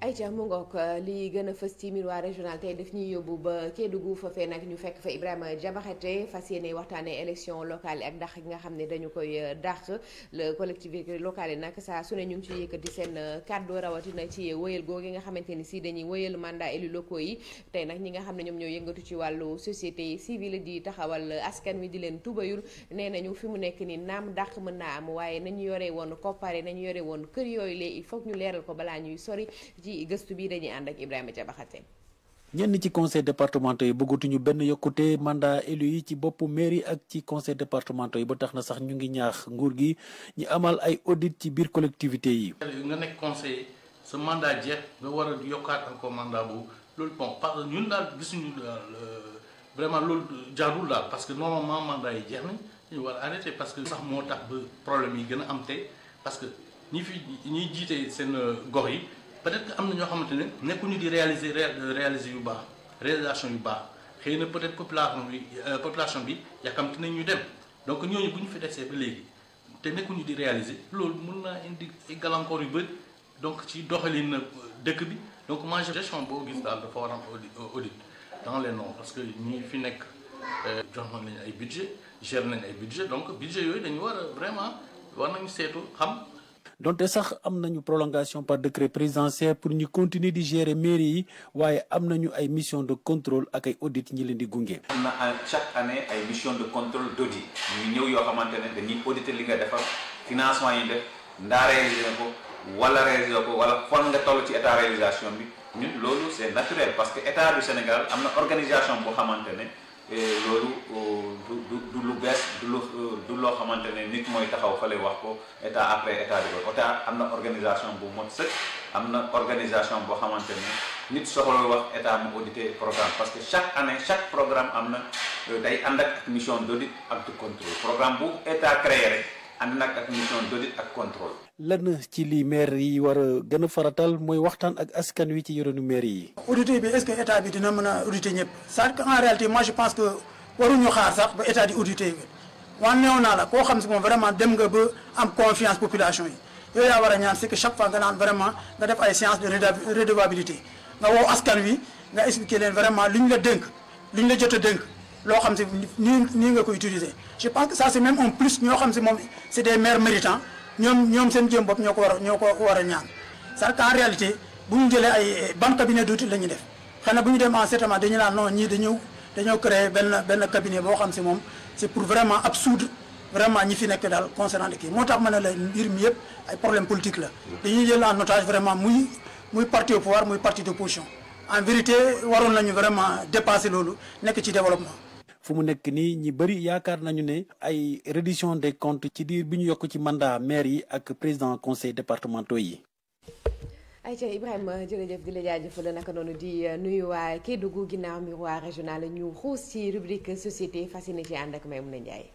ay Aïcha mu ngoog li gën a fës ci miroir régional tey daf ñuy yóbbu ba Kédougou foofee nag ñu fekk fa Ibrahima Diabakhate fas yéene waxtaanee élection locale ak dàq gi nga xam ne dañu koy euh, dàq le collectivité locale yi nag saa su ne ñu ngi ci yëkkati seen euh, kàddu rawatina ci wëyal googu nga xamante ni si dañuy wëyal mandat élus yi tey nag ñi nga xam ne ñoom ñoo yëngatu ci wàllu société civile di taxawal askan wi di leen tubayul nee nañu fi mu nekk ni naam dàq mën naa am waaye nañu yore woon koppare nañu yore woon kër yooyu lee il faut ñu leeral ko balaa ñuy sori ci gëstu bi dañuy ànd ak Ibrahima Diabaxate ñenn ci conseil départementaux yi ñu benn yokkute mandat élu yi ci boppu mairie ak ci conseil départementaux yi ba tax na sax ñu ngi ñaax nguur gi ñu amal ay audit ci biir collectivité yi. nga nekk conseil sa mandat jeex nga war a yokkaat encore mandat boobu loolu bon parce que ñun daal gisuñu daal euh, vraiment loolu euh, jaarul daal parce que normalement mandat yi jeex nañ ñu war a arrêté parce que sax moo tax ba problème yi gën a am tey parce que ñi fi ñiy jiite euh, peut-être que am na ñoo xamante ne nekkuñu di réaliser euh, réaliser yu baax réalisation yu baax xëy na peut-être population bi euh, population bi yàkkamti nañ ñu dem donc ñooñu bu ñu fi desee ba léegi te nekkuñu di réaliser loolu mën naa indi ay gàllankoor yu bëri donc ci doxalin na euh, dëkk bi donc man gestion boo gis daal dafa war a am audit dans le noms parce que ñi fi nekk jox nañ ay budget gérer nañ ay budget donc budget yooyu dañu war a vraiment war nañu seetu xam donte sax am nañu prolongation par décret présidentiel pour ñu continuer di gérer mairie yi waaye am na ñu ay mission de contrôle ak ay audit ñi leen di gunge. am na euh, chaque année ay mission de contrôle d' audit ñëw yoo xamante ne dañuy auditer li nga defa financement yi def ndaa réaliser ko wala réaliser ko wala fan nga toll ci état réalisation bi ñun loolu c' naturel parce que état du Sénégal am na organisation boo xamante ne. loolu euh, du du lu bees du lu euh, du loo xamante ne nit mooy taxaw fale wax ko état après état di ko état am na organisation bu mot sëkk am na organisation boo xamante ne nit soxla wax état mu audité programme parce que chaque année chaque programme am na euh, day ànd ak mission d' audit de contrôle programme bu état créé rek. ànd nag ak mission d'audit ak contrôle. lan ci li maire yi war a gën a faratal mooy waxtaan ak askan wi ci yoronu maire yi. auditeurs bi est-ce que état bi dina mën a auditer ñëpp c'est que en réalité moi je pense que waruñu xaar sax ba état di bi waaw néew naa la koo xam si moom vraiment dem nga ba am confiance population yi yooyu yaa war a ñaan c'est que chaque fois nga naan vraiment nga def ay séance de redevabilité nga woo askan wi nga expliquer leen vraiment li ñu la dénk li ñu la jot dénk. loo xam si nii nii nga ko utiliser je pense que ça c'est même un plus ñoo xam si moom c'est des maires méritants ñoom ñoom seen jëm bopp ñoo ko war a ko a ñaan c'est-à-dire réalité bu ñu jëlee ay eh, ban cabinet d'outil la ñuy def xanaa bu ñu dem en certainement dañu naan non ñii dañu dañoo créer benn benn cabinet boo xam si moom c'est pour vraiment absoudre vraiment ñi fi nekk daal concernant kii moo tax ma ne la mbir mi yëpp ay problème politique la dañuy jël en otage vraiment muy muy parti au pouvoir muy parti d'opposition en vérité waroon nañu vraiment dépasser loolu nekk ci développement fu mu nekk nii ñi bëri yaakaar nañu ne ay reddition des comptes ci diir bi ñu yokk ci mandat maire yi ak président conseil départementaux yi. ayca Ibrahima jërëjëf di la jaajëfal naka noonu di euh, nuyu waa Kédougou ginnaaw miroir régional ñu xuus ci rubrique société fasciné ci ànd ak Maimouna Ndiaye.